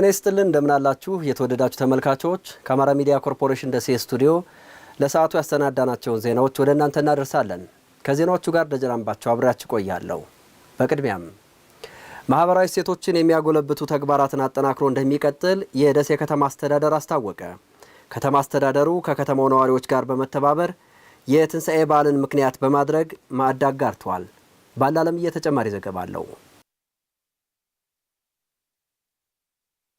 ጤና ይስጥልን እንደምናላችሁ የተወደዳችሁ ተመልካቾች፣ ከአማራ ሚዲያ ኮርፖሬሽን ደሴ ስቱዲዮ ለሰዓቱ ያሰናዳናቸውን ዜናዎች ወደ እናንተ እናደርሳለን። ከዜናዎቹ ጋር ደጀናንባቸው አብሬያችሁ ቆያለሁ። በቅድሚያም ማህበራዊ እሴቶችን የሚያጎለብቱ ተግባራትን አጠናክሮ እንደሚቀጥል የደሴ ከተማ አስተዳደር አስታወቀ። ከተማ አስተዳደሩ ከከተማው ነዋሪዎች ጋር በመተባበር የትንሣኤ በዓልን ምክንያት በማድረግ ማዕድ አጋርተዋል። ባለአለምዬ ተጨማሪ ዘገባ አለው።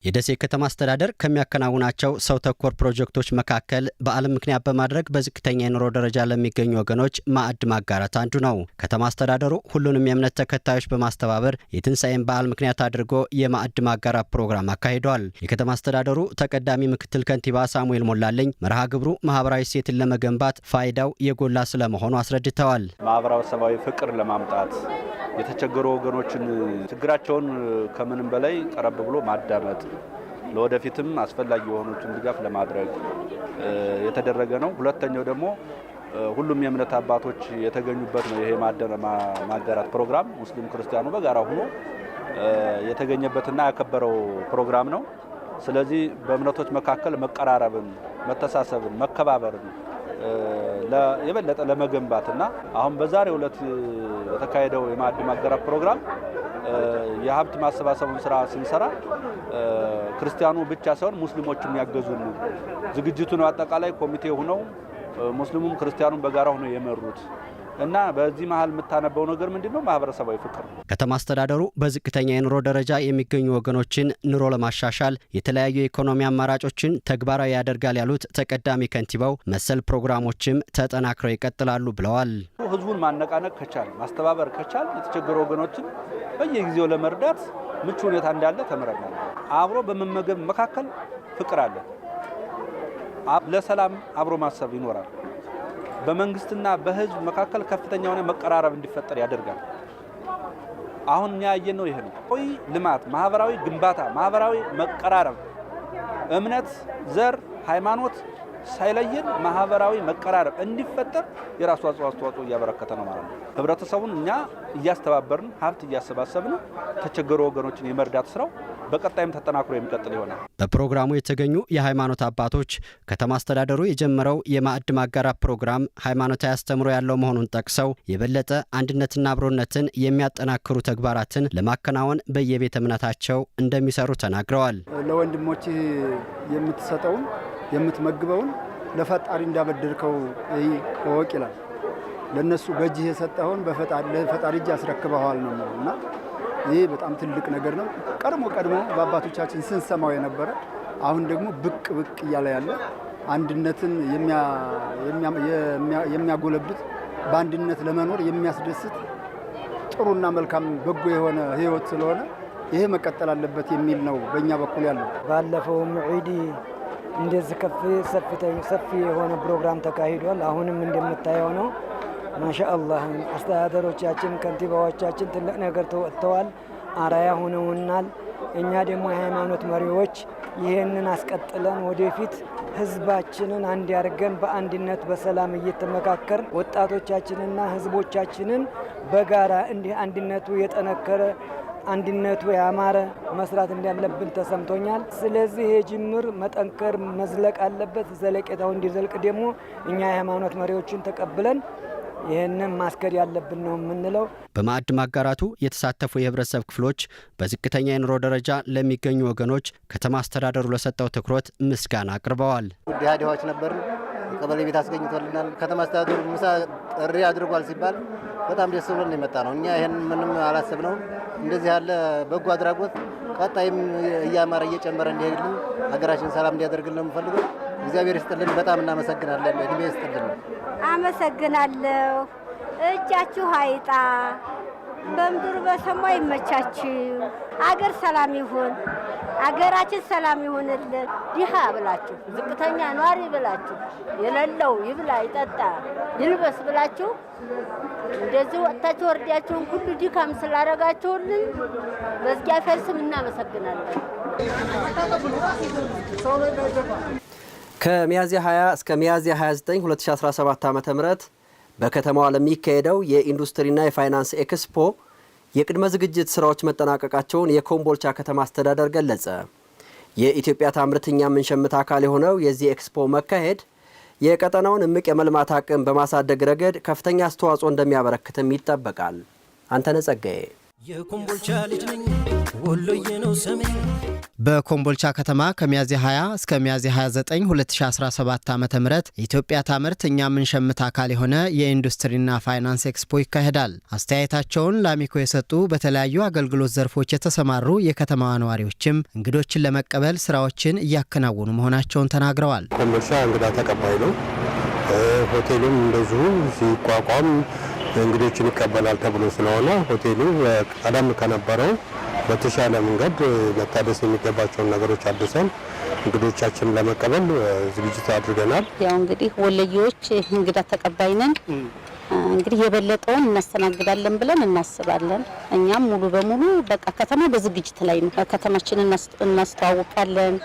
የደሴ ከተማ አስተዳደር ከሚያከናውናቸው ሰው ተኮር ፕሮጀክቶች መካከል በዓልን ምክንያት በማድረግ በዝቅተኛ የኑሮ ደረጃ ለሚገኙ ወገኖች ማዕድ ማጋራት አንዱ ነው። ከተማ አስተዳደሩ ሁሉንም የእምነት ተከታዮች በማስተባበር የትንሣኤን በዓል ምክንያት አድርጎ የማዕድ ማጋራት ፕሮግራም አካሂዷል። የከተማ አስተዳደሩ ተቀዳሚ ምክትል ከንቲባ ሳሙኤል ሞላለኝ መርሃ ግብሩ ማህበራዊ ሴትን ለመገንባት ፋይዳው የጎላ ስለመሆኑ አስረድተዋል። ማህበረሰባዊ ፍቅር ለማምጣት የተቸገሩ ወገኖችን ችግራቸውን ከምንም በላይ ቀረብ ብሎ ማዳመጥ ለወደፊትም አስፈላጊ የሆኑትን ድጋፍ ለማድረግ የተደረገ ነው። ሁለተኛው ደግሞ ሁሉም የእምነት አባቶች የተገኙበት ነው። ይሄ ማጋራት ፕሮግራም ሙስሊም ክርስቲያኑ በጋራ ሆኖ የተገኘበትና ያከበረው ፕሮግራም ነው። ስለዚህ በእምነቶች መካከል መቀራረብን፣ መተሳሰብን፣ መከባበርን የበለጠ ለመገንባትና አሁን በዛሬው ዕለት የተካሄደው የማዕድ ማጋራት ፕሮግራም የሀብት ማሰባሰቡን ስራ ስንሰራ ክርስቲያኑ ብቻ ሳይሆን ሙስሊሞችም ያገዙን ዝግጅቱን አጠቃላይ ኮሚቴ ሆነው ሙስሊሙም ክርስቲያኑም በጋራ ሆነው የመሩት እና በዚህ መሀል የምታነበው ነገር ምንድን ነው? ማህበረሰባዊ ፍቅር። ከተማ አስተዳደሩ በዝቅተኛ የኑሮ ደረጃ የሚገኙ ወገኖችን ኑሮ ለማሻሻል የተለያዩ የኢኮኖሚ አማራጮችን ተግባራዊ ያደርጋል ያሉት ተቀዳሚ ከንቲባው መሰል ፕሮግራሞችም ተጠናክረው ይቀጥላሉ ብለዋል። ህዝቡን ማነቃነቅ ከቻል ማስተባበር ከቻል የተቸገሩ ወገኖችን በየጊዜው ለመርዳት ምቹ ሁኔታ እንዳለ ተምረናል። አብሮ በመመገብ መካከል ፍቅር አለ። ለሰላም አብሮ ማሰብ ይኖራል። በመንግስትና በህዝብ መካከል ከፍተኛ የሆነ መቀራረብ እንዲፈጠር ያደርጋል። አሁን እኛ ያየነው ይሄ ነው። ቆይ ልማት፣ ማህበራዊ ግንባታ፣ ማህበራዊ መቀራረብ፣ እምነት፣ ዘር፣ ሃይማኖት ሳይለየን ማህበራዊ መቀራረብ እንዲፈጠር የራሱ አስተዋጽኦ እያበረከተ ነው ማለት ነው። ህብረተሰቡን እኛ እያስተባበርን ሀብት እያሰባሰብን ተቸገሩ ወገኖችን የመርዳት ስራው በቀጣይም ተጠናክሮ የሚቀጥል ይሆናል። በፕሮግራሙ የተገኙ የሃይማኖት አባቶች ከተማ አስተዳደሩ የጀመረው የማዕድ ማጋራት ፕሮግራም ሃይማኖታዊ አስተምሮ ያለው መሆኑን ጠቅሰው የበለጠ አንድነትና አብሮነትን የሚያጠናክሩ ተግባራትን ለማከናወን በየቤተ እምነታቸው እንደሚሰሩ ተናግረዋል። ለወንድሞች የምትሰጠውን የምትመግበውን ለፈጣሪ እንዳበደርከው እወቅ ይላል። ለእነሱ በእጅህ የሰጠኸውን ለፈጣሪ እጅ አስረክበዋል ነው የሚለው እና ይህ በጣም ትልቅ ነገር ነው። ቀድሞ ቀድሞ በአባቶቻችን ስንሰማው የነበረ አሁን ደግሞ ብቅ ብቅ እያለ ያለ አንድነትን የሚያጎለብት በአንድነት ለመኖር የሚያስደስት ጥሩና መልካም በጎ የሆነ ህይወት ስለሆነ ይሄ መቀጠል አለበት የሚል ነው በእኛ በኩል ያለው። ባለፈውም ዒድ እንደዚህ ከፍ ሰፊ የሆነ ፕሮግራም ተካሂዷል። አሁንም እንደምታየው ነው። ማሻአላህ አስተዳደሮቻችን፣ ከንቲባዎቻችን ትልቅ ነገር ተወጥተዋል፣ አራያ ሆነውናል። እኛ ደግሞ የሃይማኖት መሪዎች ይህንን አስቀጥለን ወደፊት ህዝባችንን አንድ ያድርገን በአንድነት በሰላም እየተመካከር ወጣቶቻችንና ህዝቦቻችንን በጋራ እንዲህ አንድነቱ የጠነከረ አንድነቱ ያማረ መስራት እንዳለብን ተሰምቶኛል። ስለዚህ የጅምር መጠንከር መዝለቅ አለበት። ዘለቄታው እንዲዘልቅ ደግሞ እኛ የሃይማኖት መሪዎችን ተቀብለን ይህንን ማስከድ ያለብን ነው የምንለው። በማዕድ ማጋራቱ የተሳተፉ የህብረተሰብ ክፍሎች በዝቅተኛ የኑሮ ደረጃ ለሚገኙ ወገኖች ከተማ አስተዳደሩ ለሰጠው ትኩረት ምስጋና አቅርበዋል። ድሃ ድሃዎች ነበር ቀበሌ ቤት አስገኝቶልናል። ከተማ አስተዳደሩ ምሳ ጥሪ አድርጓል ሲባል በጣም ደስ ብሎን የመጣ ነው። እኛ ይህን ምንም አላሰብነውም። እንደዚህ ያለ በጎ አድራጎት ቀጣይም እያማረ እየጨመረ እንዲሄድልን ሀገራችን ሰላም እንዲያደርግልን ነው የምፈልገው። እግዚአብሔር ይስጥልን። በጣም እናመሰግናለን። እድሜ ይስጥልን። አመሰግናለሁ። እጃችሁ አይጣ በምድር በሰማይ ይመቻችው። አገር ሰላም ይሁን፣ አገራችን ሰላም ይሁንልን። ድሃ ብላችሁ ዝቅተኛ ኗሪ ብላችሁ የሌለው ይብላ ይጠጣ ይልበስ ብላችሁ እንደዚህ ወጥታችሁ ወርዳችሁን ሁሉ ድካም ስላደረጋችሁልን በእግዚአብሔር ስም እናመሰግናለን። ከሚያዝያ 20 እስከ ሚያዝያ 29 2017 ዓ ም በከተማዋ ለሚካሄደው የኢንዱስትሪና የፋይናንስ ኤክስፖ የቅድመ ዝግጅት ስራዎች መጠናቀቃቸውን የኮምቦልቻ ከተማ አስተዳደር ገለጸ። የኢትዮጵያ ታምርትኛ የምንሸምት አካል የሆነው የዚህ ኤክስፖ መካሄድ የቀጠናውን እምቅ የመልማት አቅም በማሳደግ ረገድ ከፍተኛ አስተዋጽኦ እንደሚያበረክትም ይጠበቃል። አንተነህ ጸጋዬ የኮምቦልቻ ልጅ ነኝ ወሎዬ ነው በኮምቦልቻ ከተማ ከሚያዝያ 20 እስከ ሚያዝያ 29 2017 ዓ ም ኢትዮጵያ ታምርት እኛ የምንሸምት አካል የሆነ የኢንዱስትሪና ፋይናንስ ኤክስፖ ይካሄዳል። አስተያየታቸውን ለአሚኮ የሰጡ በተለያዩ አገልግሎት ዘርፎች የተሰማሩ የከተማዋ ነዋሪዎችም እንግዶችን ለመቀበል ስራዎችን እያከናወኑ መሆናቸውን ተናግረዋል። ኮምቦልቻ እንግዳ ተቀባይ ነው። ሆቴሉም እንደዚሁ ሲቋቋም እንግዶችን ይቀበላል ተብሎ ስለሆነ ሆቴሉ ቀደም ከነበረው በተሻለ መንገድ መታደስ የሚገባቸውን ነገሮች አድሰን እንግዶቻችን ለመቀበል ዝግጅት አድርገናል። ያው እንግዲህ ወለየዎች እንግዳ ተቀባይ ነን። እንግዲህ የበለጠውን እናስተናግዳለን ብለን እናስባለን። እኛም ሙሉ በሙሉ በቃ ከተማ በዝግጅት ላይ ነው። ከተማችን እናስተዋውቃለን።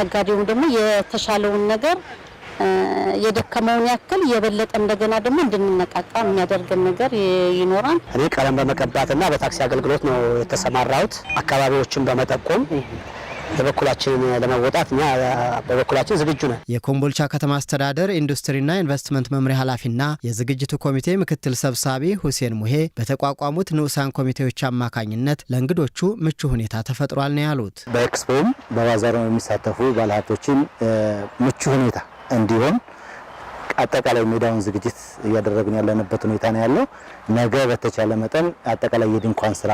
ነጋዴውም ደግሞ የተሻለውን ነገር የደከመውን ያክል የበለጠ እንደገና ደግሞ እንድንነቃቃ የሚያደርገን ነገር ይኖራል። እኔ ቀለም በመቀባትና በታክሲ አገልግሎት ነው የተሰማራሁት። አካባቢዎችን በመጠቆም የበኩላችንን ለመወጣት እኛ በበኩላችን ዝግጁ ነን። የኮምቦልቻ ከተማ አስተዳደር ኢንዱስትሪና ኢንቨስትመንት መምሪያ ኃላፊና የዝግጅቱ ኮሚቴ ምክትል ሰብሳቢ ሁሴን ሙሄ በተቋቋሙት ንዑሳን ኮሚቴዎች አማካኝነት ለእንግዶቹ ምቹ ሁኔታ ተፈጥሯል ነው ያሉት። በኤክስፖም በባዛር የሚሳተፉ ባለሀብቶችን ምቹ ሁኔታ እንዲሆን አጠቃላይ ሜዳውን ዝግጅት እያደረግን ያለንበት ሁኔታ ነው ያለው። ነገ በተቻለ መጠን አጠቃላይ የድንኳን ስራ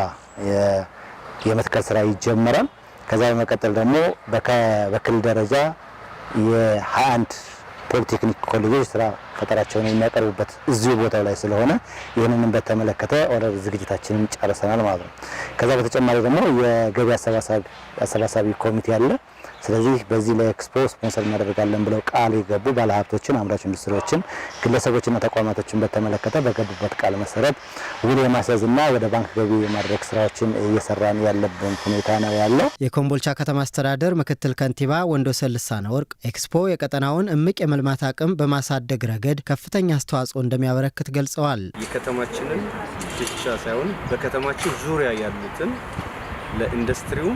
የመትከል ስራ ይጀመራል። ከዛ በመቀጠል ደግሞ በክልል ደረጃ የ21 ፖሊቴክኒክ ኮሌጆች ስራ ፈጠራቸውን የሚያቀርቡበት እዚሁ ቦታው ላይ ስለሆነ ይህንንም በተመለከተ ኦርደር ዝግጅታችንን ጨርሰናል ማለት ነው። ከዛ በተጨማሪ ደግሞ የገቢ አሰባሳቢ ኮሚቴ አለ። ስለዚህ በዚህ ለኤክስፖ ስፖንሰር እናደርጋለን ብለው ቃል የገቡ ባለሀብቶችን፣ አምራች ኢንዱስትሪዎችን፣ ግለሰቦችና ተቋማቶችን በተመለከተ በገቡበት ቃል መሰረት ውል የማስያዝና ወደ ባንክ ገቢ የማድረግ ስራዎችን እየሰራን ያለብን ሁኔታ ነው ያለው። የኮምቦልቻ ከተማ አስተዳደር ምክትል ከንቲባ ወንዶሰን ልሳነ ወርቅ ኤክስፖ የቀጠናውን እምቅ የመልማት አቅም በማሳደግ ረገድ ረገድ ከፍተኛ አስተዋጽኦ እንደሚያበረክት ገልጸዋል። የከተማችንን ብቻ ሳይሆን በከተማችን ዙሪያ ያሉትን ለኢንዱስትሪው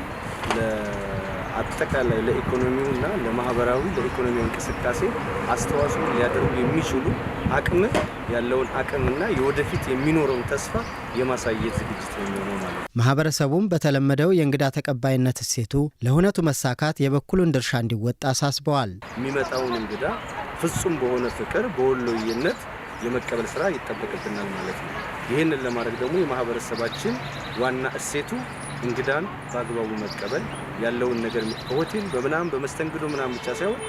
አጠቃላይ ለኢኮኖሚው እና ለማህበራዊ ለኢኮኖሚ እንቅስቃሴ አስተዋጽኦ ሊያደርጉ የሚችሉ አቅም ያለውን አቅምና የወደፊት የሚኖረውን ተስፋ የማሳየት ዝግጅት ነው የሚሆነው ማለት ነው። ማህበረሰቡም በተለመደው የእንግዳ ተቀባይነት እሴቱ ለእውነቱ መሳካት የበኩሉን ድርሻ እንዲወጣ አሳስበዋል። የሚመጣውን እንግዳ ፍጹም በሆነ ፍቅር በወሎዬነት የመቀበል ስራ ይጠበቅብናል ማለት ነው። ይህንን ለማድረግ ደግሞ የማህበረሰባችን ዋና እሴቱ እንግዳን በአግባቡ መቀበል ያለውን ነገር በሆቴል በምናም በመስተንግዶ ምናም ብቻ ሳይሆን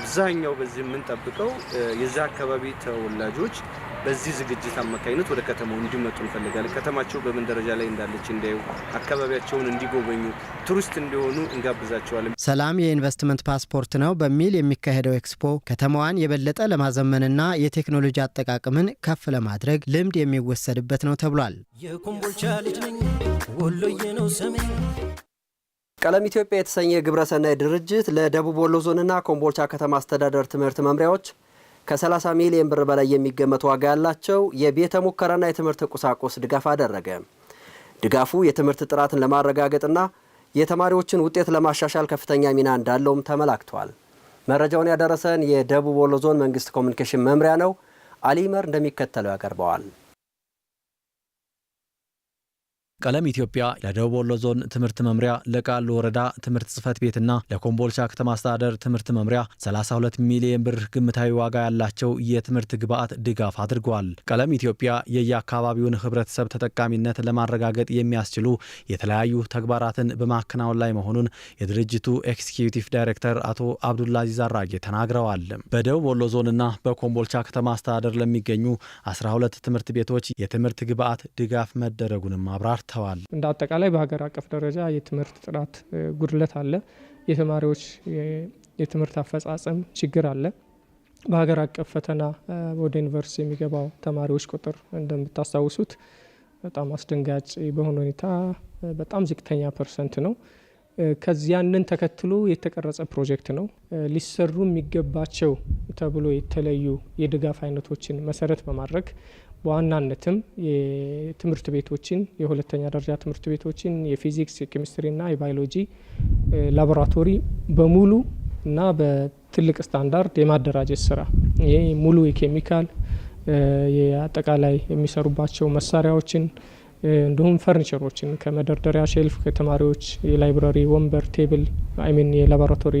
አብዛኛው በዚህ የምንጠብቀው የዛ አካባቢ ተወላጆች በዚህ ዝግጅት አማካኝነት ወደ ከተማው እንዲመጡ እንፈልጋለን። ከተማቸው በምን ደረጃ ላይ እንዳለች እንዲያዩ፣ አካባቢያቸውን እንዲጎበኙ፣ ቱሪስት እንዲሆኑ እንጋብዛቸዋለን። ሰላም የኢንቨስትመንት ፓስፖርት ነው በሚል የሚካሄደው ኤክስፖ ከተማዋን የበለጠ ለማዘመንና የቴክኖሎጂ አጠቃቀምን ከፍ ለማድረግ ልምድ የሚወሰድበት ነው ተብሏል። የኮምቦልቻ ልጅ ነኝ ወሎዬ ነው ቀለም ኢትዮጵያ የተሰኘ ግብረሰናይ ድርጅት ለደቡብ ወሎ ዞንና ኮምቦልቻ ከተማ አስተዳደር ትምህርት መምሪያዎች ከ30 ሚሊዮን ብር በላይ የሚገመት ዋጋ ያላቸው የቤተ ሙከራና የትምህርት ቁሳቁስ ድጋፍ አደረገ። ድጋፉ የትምህርት ጥራትን ለማረጋገጥና የተማሪዎችን ውጤት ለማሻሻል ከፍተኛ ሚና እንዳለውም ተመላክቷል። መረጃውን ያደረሰን የደቡብ ወሎ ዞን መንግስት ኮሚኒኬሽን መምሪያ ነው። አሊመር እንደሚከተለው ያቀርበዋል። ቀለም ኢትዮጵያ ለደቡብ ወሎ ዞን ትምህርት መምሪያ፣ ለቃሉ ወረዳ ትምህርት ጽህፈት ቤትና ለኮምቦልቻ ከተማ አስተዳደር ትምህርት መምሪያ 32 ሚሊዮን ብር ግምታዊ ዋጋ ያላቸው የትምህርት ግብዓት ድጋፍ አድርጓል። ቀለም ኢትዮጵያ የየአካባቢውን ህብረተሰብ ተጠቃሚነት ለማረጋገጥ የሚያስችሉ የተለያዩ ተግባራትን በማከናወን ላይ መሆኑን የድርጅቱ ኤክስኪዩቲቭ ዳይሬክተር አቶ አብዱላዚዝ አራጌ ተናግረዋል። በደቡብ ወሎ ዞንና በኮምቦልቻ ከተማ አስተዳደር ለሚገኙ 12 ትምህርት ቤቶች የትምህርት ግብዓት ድጋፍ መደረጉንም አብራርተዋል። ሰጥተዋል። እንደ አጠቃላይ በሀገር አቀፍ ደረጃ የትምህርት ጥራት ጉድለት አለ። የተማሪዎች የትምህርት አፈጻጸም ችግር አለ። በሀገር አቀፍ ፈተና ወደ ዩኒቨርሲቲ የሚገባው ተማሪዎች ቁጥር እንደምታስታውሱት በጣም አስደንጋጭ በሆነ ሁኔታ በጣም ዝቅተኛ ፐርሰንት ነው። ከዚያንን ተከትሎ የተቀረጸ ፕሮጀክት ነው። ሊሰሩ የሚገባቸው ተብሎ የተለዩ የድጋፍ አይነቶችን መሰረት በማድረግ በዋናነትም የትምህርት ቤቶችን የሁለተኛ ደረጃ ትምህርት ቤቶችን የፊዚክስ፣ የኬሚስትሪና የባዮሎጂ ላቦራቶሪ በሙሉ እና በትልቅ ስታንዳርድ የማደራጀት ስራ ይሄ ሙሉ የኬሚካል አጠቃላይ የሚሰሩባቸው መሳሪያዎችን እንዲሁም ፈርኒቸሮችን ከመደርደሪያ ሼልፍ ከተማሪዎች የላይብራሪ ወንበር ቴብል አይሚን የላቦራቶሪ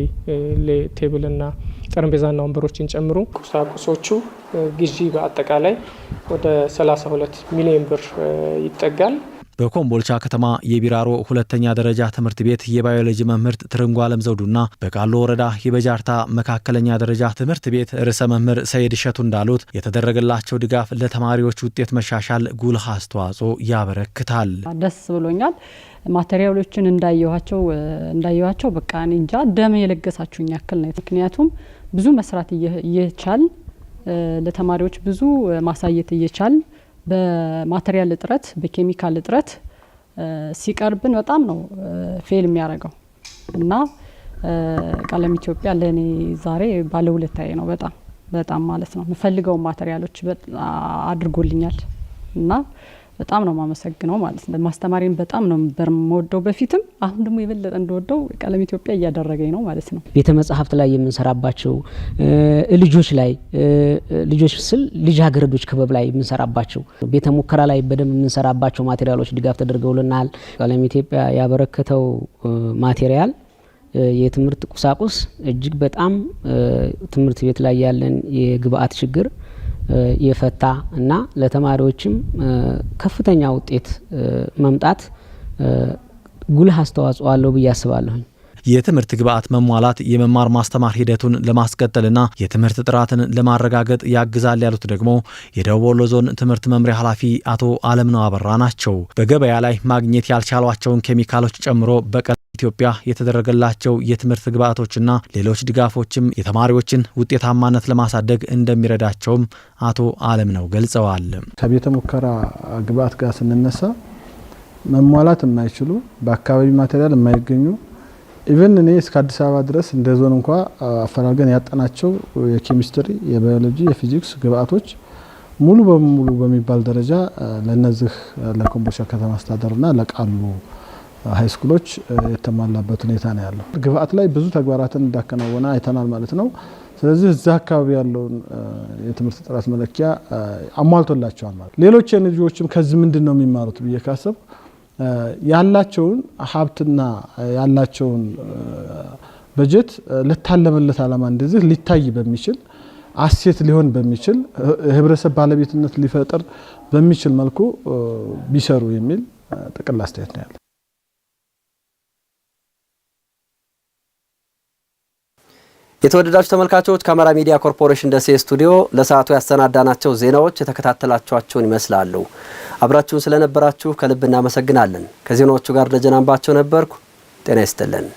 ና ጠረጴዛና ወንበሮችን ጨምሮ ቁሳቁሶቹ ግዢ በአጠቃላይ ወደ 32 ሚሊዮን ብር ይጠጋል። በኮምቦልቻ ከተማ የቢራሮ ሁለተኛ ደረጃ ትምህርት ቤት የባዮሎጂ መምህርት ትርንጓለም ዘውዱና በቃሎ ወረዳ የበጃርታ መካከለኛ ደረጃ ትምህርት ቤት ርዕሰ መምህር ሰይድ እሸቱ እንዳሉት የተደረገላቸው ድጋፍ ለተማሪዎች ውጤት መሻሻል ጉልህ አስተዋጽኦ ያበረክታል። ደስ ብሎኛል። ማቴሪያሎችን እንዳየኋቸው እንዳየኋቸው በቃ እንጃ ደም የለገሳችሁኝ ያክል ነው። ምክንያቱም ብዙ መስራት እየቻል ለተማሪዎች ብዙ ማሳየት እየቻል በማቴሪያል እጥረት በኬሚካል እጥረት ሲቀርብን በጣም ነው ፌል የሚያደርገው እና ቀለም ኢትዮጵያ ለእኔ ዛሬ ባለውለታዬ ነው። በጣም በጣም ማለት ነው የምፈልገው ማቴሪያሎች አድርጎልኛል እና በጣም ነው ማመሰግነው ማለት ነው። ማስተማሪን በጣም ነው የምወደው በፊትም አሁን ደግሞ የበለጠ እንደወደው ቀለም ኢትዮጵያ እያደረገኝ ነው ማለት ነው። ቤተ መጽሐፍት ላይ የምንሰራባቸው ልጆች ላይ ልጆች ስል ልጃገረዶች ክበብ ላይ የምንሰራባቸው ቤተ ሙከራ ላይ በደንብ የምንሰራባቸው ማቴሪያሎች ድጋፍ ተደርገውልናል። ቀለም ኢትዮጵያ ያበረከተው ማቴሪያል የትምህርት ቁሳቁስ እጅግ በጣም ትምህርት ቤት ላይ ያለን የግብአት ችግር የፈታ እና ለተማሪዎችም ከፍተኛ ውጤት መምጣት ጉልህ አስተዋጽኦ አለው ብዬ አስባለሁኝ። የትምህርት ግብዓት መሟላት የመማር ማስተማር ሂደቱን ለማስቀጠልና የትምህርት ጥራትን ለማረጋገጥ ያግዛል ያሉት ደግሞ የደቡብ ወሎ ዞን ትምህርት መምሪያ ኃላፊ አቶ አለምነው አበራ ናቸው። በገበያ ላይ ማግኘት ያልቻሏቸውን ኬሚካሎች ጨምሮ በቀ ኢትዮጵያ የተደረገላቸው የትምህርት ግብዓቶችና ሌሎች ድጋፎችም የተማሪዎችን ውጤታማነት ለማሳደግ እንደሚረዳቸውም አቶ አለም ነው ገልጸዋል። ከቤተ ሙከራ ግብዓት ጋር ስንነሳ መሟላት የማይችሉ በአካባቢ ማቴሪያል የማይገኙ ኢቨን እኔ እስከ አዲስ አበባ ድረስ እንደ ዞን እንኳ አፈላልገን ያጠናቸው የኬሚስትሪ፣ የባዮሎጂ፣ የፊዚክስ ግብዓቶች ሙሉ በሙሉ በሚባል ደረጃ ለነዚህ ለኮምቦልቻ ከተማ አስተዳደርና ለቃሉ ሃይስኩሎች የተሟላበት ሁኔታ ነው ያለው። ግብአት ላይ ብዙ ተግባራትን እንዳከናወነ አይተናል ማለት ነው። ስለዚህ እዛ አካባቢ ያለውን የትምህርት ጥራት መለኪያ አሟልቶላቸዋል ማለት ሌሎች ኤንጂዎችም ከዚህ ምንድን ነው የሚማሩት ብዬ ካሰብ ያላቸውን ሀብትና ያላቸውን በጀት ልታለመለት ዓላማ እንደዚህ ሊታይ በሚችል አሴት ሊሆን በሚችል የህብረተሰብ ባለቤትነት ሊፈጥር በሚችል መልኩ ቢሰሩ የሚል ጥቅል አስተያየት ነው ያለ። የተወደዳችሁ ተመልካቾች ከአማራ ሚዲያ ኮርፖሬሽን ደሴ ስቱዲዮ ለሰዓቱ ያሰናዳናቸው ዜናዎች የተከታተላችኋቸውን ይመስላሉ። አብራችሁን ስለነበራችሁ ከልብ እናመሰግናለን። ከዜናዎቹ ጋር ደጀን ነበርኩ። ጤና ይስጥልን።